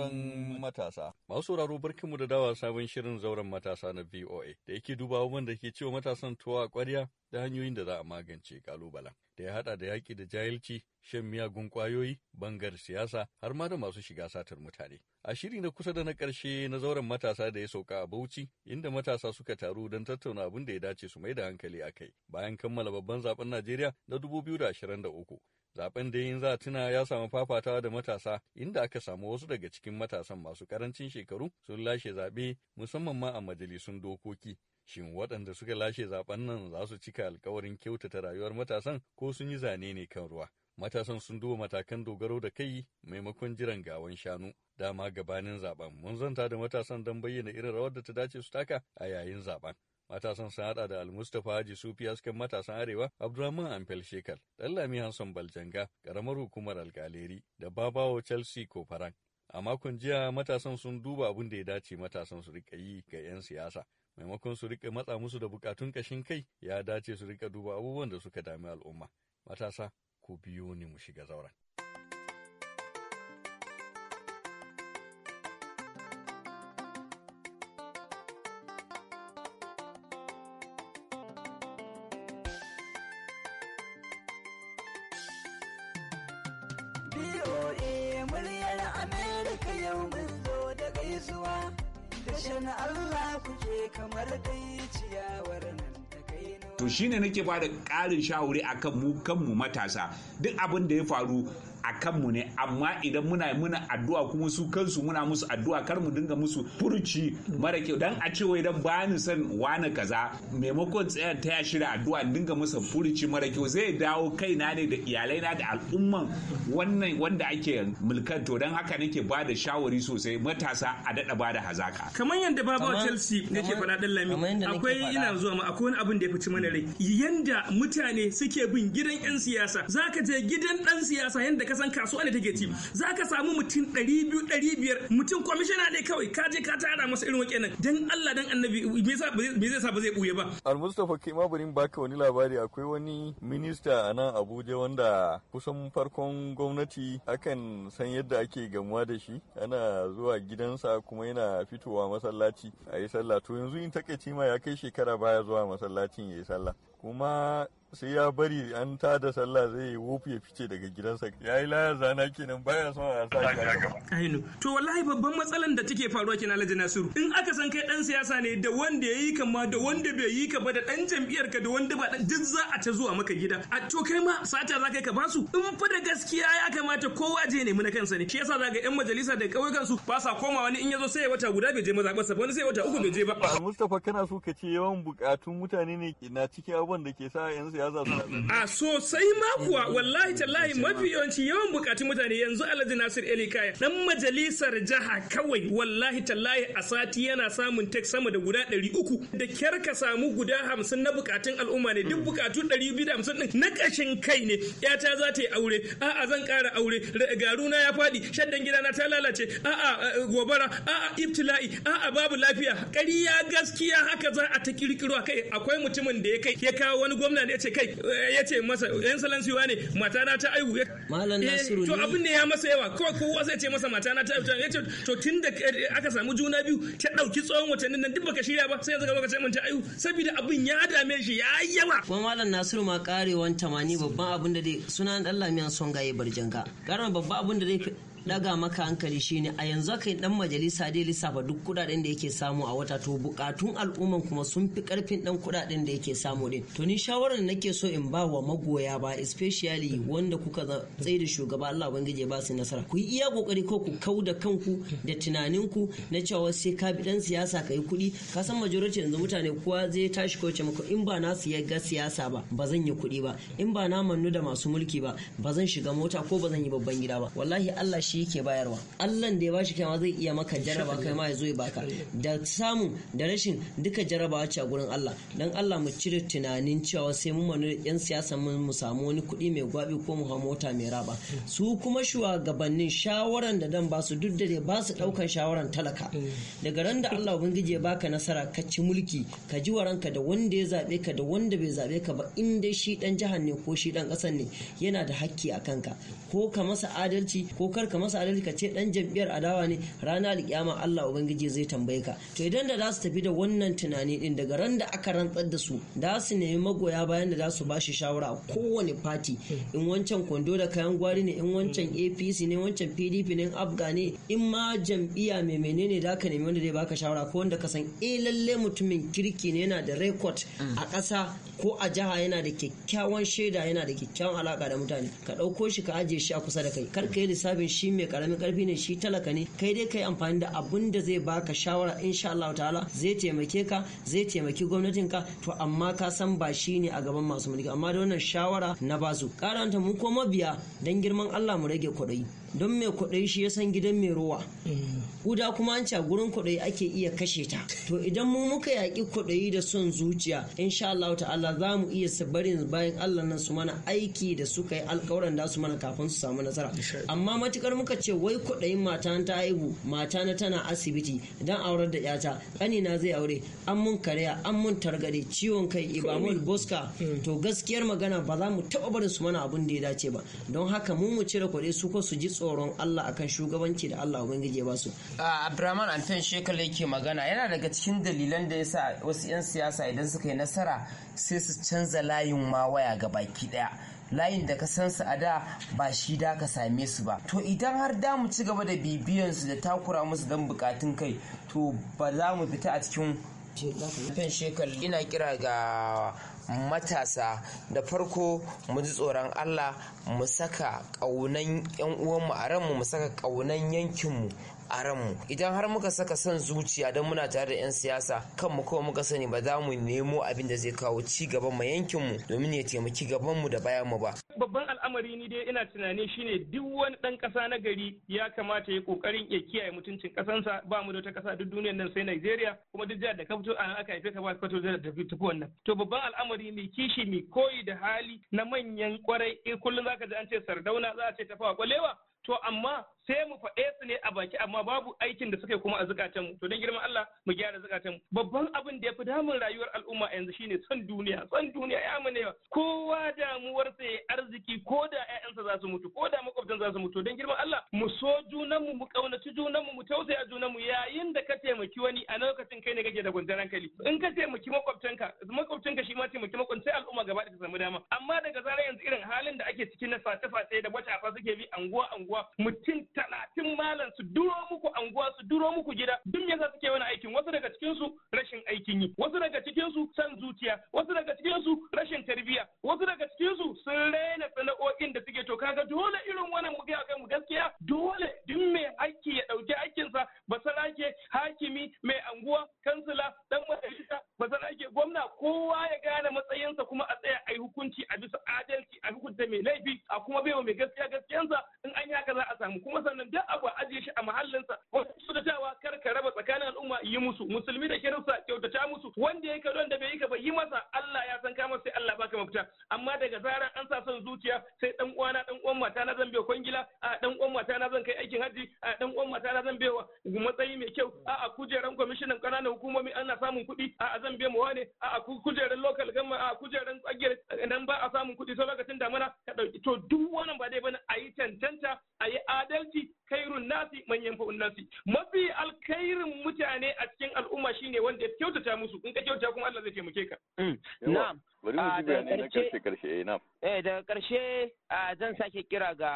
zauren matasa. Masu sauraro mu da dawa sabon shirin zauren matasa na VOA da yake duba abubuwan da ke cewa matasan tuwa a kwarya da hanyoyin da za a magance kalubalen. Da ya haɗa da yaƙi da jahilci, shan miyagun ƙwayoyi, bangar siyasa, har ma da masu shiga satar mutane. A shiri na kusa da na ƙarshe na zauren matasa da ya sauka a Bauchi, inda matasa suka taru don tattauna abin da ya dace su mai da hankali a kai bayan kammala babban zaben Najeriya na 2023. Zaben da yin za tuna ya samu fafatawa da matasa inda aka samu wasu daga cikin matasan masu karancin shekaru sun lashe zaɓe musamman ma a majalisun dokoki. Shin waɗanda suka lashe zaben nan za su cika alkawarin kyautata rayuwar matasan ko sun yi zane ne kan ruwa? Matasan sun duba matakan dogaro da kai maimakon jiran gawan shanu. Dama gabanin zaben mun zanta da matasan don bayyana irin rawar da ta dace su taka a yayin zaben. Matasan sun haɗa da Almustapha Haji Sufi askan matasan Arewa Abdurrahman Amfel Shekal, lami Hanson Baljanga, karamar hukumar Alkaleri, da Babawo Chelsea Kofaran. A makon jiya matasan sun duba abin da ya dace matasan su riƙa yi ga 'yan siyasa. Maimakon su riƙa matsa musu da bukatun ƙashin kai ya dace su rika duba abubuwan da suka dami al'umma. Matasa, ku biyo ni mu shiga zauren. BOA muryar Amerika yau mun zo da gaisuwa. Dashen Allah kuke kamar dai ciyawar nan ta kai To shine nake ba da ƙarin shawari akan mu kanmu matasa duk abin da ya faru a kanmu ne amma idan muna muna addu'a kuma su kansu muna musu addu'a kar mu dinga musu furuci mara kyau dan a ce wai dan ba ni san wani kaza maimakon tsayar ta ya da addu'a dinga musu furuci mara kyau zai dawo kaina ne da iyalai na da al'umman wannan wanda ake mulkan to dan haka nake ba da shawari sosai matasa a dada ba da hazaka kamar yadda baba Chelsea yake faɗa dan lami akwai ina zuwa ma akwai wani abin da ya fici mana rai yanda mutane suke bin gidan yan siyasa zaka je gidan dan siyasa yanda ka kasan kasuwa ne take ci za ka samu mutum 200 biyu biyar mutum kwamishina ne kawai ka je ka tara masa irin wake nan dan Allah dan annabi me zai sa ba zai buye ba. Al Mustapha ma Burin baka wani labari akwai wani minista a nan Abuja wanda kusan farkon gwamnati akan san yadda ake gamuwa da shi ana zuwa gidansa kuma yana fitowa masallaci a yi sallah to yanzu in takaici ma ya kai shekara baya zuwa masallacin ya yi sallah kuma sai ya bari an ta da sallah zai wuf ya fice daga gidansa ya yi laya zana kenan baya son a sa shi to wallahi babban matsalan da take faruwa kenan Alhaji Nasiru in aka san kai dan siyasa ne da wanda ya yi kama da wanda bai yi ka ba da dan jam'iyyar ka da wanda ba dan duk za a ta zuwa maka gida a to kai ma sata za kai ka ba su. in fa da gaskiya ya kamata kowa je nemi na kansa ne shi yasa zaga yan majalisa da kauyukan su ba sa koma wani in zo sai wata guda bai je mazaɓar sa wani sai wata uku bai je ba mustafa kana so ka ce yawan bukatun mutane ne na cikin abubuwan da ke sa yan siyasa a sosai ma kuwa wallahi tallahi mafi yawanci yawan bukatun mutane yanzu Alhaji Nasir Eli Kaya dan majalisar jaha kawai wallahi tallahi a sati yana samun tek sama da guda ɗari uku, da kyar ka samu guda hamsin na bukatun al'umma ne duk bukatu da hamsin na kashin kai ne yata za ta yi aure a'a zan kara aure garuna ya faɗi, shaddan gidana ta lalace a'a eh, gobara a'a ibtila'i a'a babu lafiya ƙarya gaskiya haka za a ta kirkiro kai akwai mutumin da ya kai ya kawo wani gwamna ne ya ce ce kai eh, ya ce masa yan siwa ne mata na ta aihu malam eh, nasiru to abin ne ya masa yawa kawai kowa zai ce masa mata na ta aihu ya ce to tun da eh, aka samu juna biyu ta dauki tsawon watanni nan duk baka shirya ba sai yanzu gaba ka ce mun ta aihu saboda abin ya dame shi ya yawa kuma malam nasiru ma karewan tamani babban abin da dai sunan Allah miyan son gaye barjanga karan babban abin da dai daga maka hankali shine a yanzu aka yi dan majalisa dai lissafa duk kudaden da yake samu a wata to bukatun al'umman kuma sun fi karfin dan kudaden da yake samu din to ni shawarar nake so in ba wa magoya ba especially wanda kuka tsaye da shugaba Allah ubangije ba su nasara ku yi iya kokari ko ku kau da kanku da tunaninku na cewa sai ka bi dan siyasa ka yi kuɗi ka san majority yanzu mutane kowa zai tashi ko ce maka in ba na siya ga siyasa ba ba zan yi kuɗi ba in ba na mannu da masu mulki ba ba zan shiga mota ko ba zan yi babban gida ba wallahi Allah shi yake bayarwa Allah da ya bashi kama zai iya maka jaraba kai ma ya zo ya baka da samu da rashin duka jaraba ce a gurin Allah dan Allah mu cire tunanin cewa sai mun wani yan siyasa mu samu wani kuɗi mai gwabi ko mu mota mai raba su kuma shugabannin shawaran da dan basu duk da ba su daukan shawaran talaka daga ran da Allah ubangiji ya baka nasara ka ci mulki ka ji waranka da wanda ya zabe ka da wanda bai zabe ka ba in dai shi dan jihar ne ko shi dan kasar ne yana da hakki a kanka ko ka masa adalci ko kar ka masa adalci ka ce dan jam'iyyar adawa ne rana alkiyama Allah ubangiji zai tambaye ka to idan da za su tafi da wannan tunani din daga ran da aka rantsar da su da su nemi magoya bayan da za su ba shi shawara a kowane party in wancan kwando da kayan gwari ne in wancan APC ne wancan PDP ne afga ne in ma jam'iyya mai menene da ka nemi wanda zai baka shawara ko wanda ka san eh lalle mutumin kirki ne yana da record a ƙasa ko a jiha yana da kyakkyawan shaida yana da kyakkyawan alaka da mutane ka ɗauko shi ka ajiye shi a kusa da kai kar ka yi lissafin shi mai karamin karfi ne shi talaka ne kai dai kai amfani da abun da zai baka shawara insha Allah ta'ala zai taimake ka zai taimaki gwamnatin ka to amma ka san ba shi ne a gaban masu mulki amma da wannan shawara na basu karanta mu ko mabiya don girman Allah mu rage kwaɗayi don mai kwaɗayi shi ya san gidan mai ruwa mm. kuda kuma an gurin kwaɗayi ake iya kashe ta to idan mu muka yaƙi kwaɗayi da son zuciya insha Allah ta'ala za mu iya sabarin bayan Allah nan su mana aiki da suka yi alƙawaran da su mana kafin su samu nasara amma matukar muka ce wai kwaɗayin mata ta haihu mata na tana asibiti idan aurar da yata na zai aure an mun karya an mun targade ciwon kai ibamul boska mm. to gaskiyar magana ba za mu taɓa barin su mana abin da ya dace ba don haka mu mu cire kwaɗayi su ko su ji tsoron Allah akan shugabanci da Allah ubangiji ya su. Abdurrahman Shekala yake magana yana daga cikin dalilan da ya sa wasu 'yan siyasa idan suka yi nasara sai su canza layin ma waya ga baki daya layin da ka san su a da ba shi da ka same su ba to idan har da mu ci gaba da bibiyan su da takura musu don bukatun kai to ba za mu fita a cikin fen shekar ina kira ga matasa da farko mu ji tsoron Allah mu saka ƙaunan 'yan uwanmu a ranmu mu saka ƙaunan yankinmu a mu idan har muka saka son zuciya don muna tare da 'yan siyasa kan mu kawai muka sani ba za mu nemo abin da zai kawo ci gaban mu yankin mu domin ya taimaki gaban mu da bayan mu ba babban al'amari ni dai ina tunani shine duk wani dan kasa na gari ya kamata ya kokarin ya kiyaye mutuncin kasansa ba mu da ta kasa duk duniyar nan sai Najeriya kuma duk jihar da ka fito a aka haife ka ba ka fito da tafi wannan to babban al'amari al'amari mai kishi mai koyi da hali na manyan kwarai in eh, kullum ka ji an ce sardauna za a ce tafawa kwalewa to amma sai mu faɗe su ne a baki amma babu aikin da suka kuma a zukatan mu to don girman Allah mu gyara zukatan mu babban abin da ya fi damun rayuwar al'umma yanzu shine son duniya son duniya ya mune kowa damuwar sa arziki ko da ƴaƴansa za su mutu ko da makwabtan za su mutu don girman Allah mu so junan mu mu kaunaci junan mu mu tausaya junan mu yayin da ka taimaki wani a lokacin kai ne kake da gundar hankali in ka taimaki makwabtanka makwabtanka shi ma taimaki makwabtan al'umma gaba da ta samu dama amma daga zarar yanzu irin halin da ake cikin na face da wata suke bi anguwa anguwa mutum talatin malam su duro muku anguwa su duro muku gida duk suke wani aikin wasu daga cikin su rashin aikin yi wasu daga cikin su san zuciya wasu daga cikin su rashin tarbiyya wasu daga cikin su sun raina sana'o'in da suke to kaga dole irin wannan mu ga mu gaskiya dole duk mai aiki ya dauki aikinsa ba ake hakimi mai anguwa kansila dan majalisa ba ake gwamna kowa ya gane matsayinsa kuma a tsaya a hukunci a bisa adalci a hukunta mai laifi a kuma baiwa mai gaskiya gaskiyansa haka za a samu kuma sannan duk abu a ajiye shi a mahallinsa wanda kyautatawa kar ka raba tsakanin al'umma yi musu musulmi da kirista kyautata musu wanda ya ka da bai yi ka ba yi masa Allah ya san kama sai Allah baka mafita amma daga zarar an sa son zuciya sai mata na zan bai kwangila a dan uwan mata na zan kai aikin haji a dan uwan mata na zan bai matsayi mai kyau a a kujeran kwamishinan kananan hukumomi ana samun kuɗi a zan bai mu wane a kujeran local a kujeran tsagiyar nan ba a samun kuɗi To lokacin damana ka ɗauki to duk wannan ba dai bane a yi cancanta a yi adalci kairun nasi manyan fa'un nasi mafi alkairin mutane a cikin al'umma shine wanda ya kyautata musu in ka kyauta kuma Allah zai taimake ka mm. na'am bari mu ji bayanai na karshe karshe eh, na eh daga karshe zan sake kira ga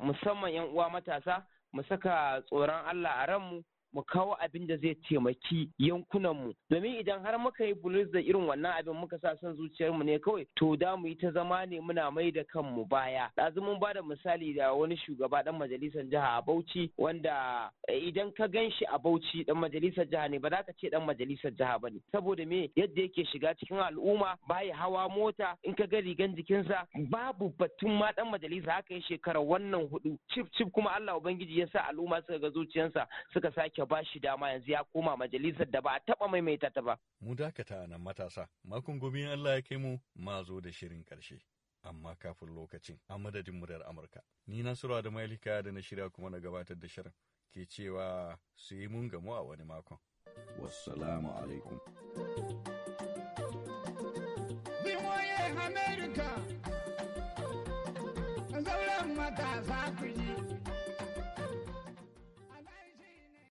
musamman yan uwa matasa mu saka tsoron Allah a ranmu mu kawo abin da zai taimaki yankunanmu domin idan har muka yi bulus da irin wannan abin muka sa son zuciyarmu ne kawai to da mu yi ta zama ne muna mai da kanmu baya ɗazu mun ba da misali da wani shugaba ɗan majalisar jiha a bauchi wanda e, idan ka gan shi a bauchi ɗan majalisar jiha ne ba za ka ce ɗan majalisar jiha ba ne saboda me yadda yake shiga cikin al'umma baya hawa mota in ka ga rigan jikinsa babu batun ma ɗan majalisa haka ya shekarar wannan hudu cif cif kuma Allah Ubangiji ya sa al'umma suka ga zuciyarsa suka sake Ka ba shi dama yanzu ya koma majalisar da ba a taɓa maimaita ta ba. Mu dakata a nan matasa, makon gobe Allah ya kai mu ma zo da shirin karshe Amma kafin lokacin, a madadin muryar Amurka. Ni Nasiru da Malika da na shirya kuma na gabatar da shirin. Ke cewa su yi mun gamu a wani makon. Wassalamu alaikum. America.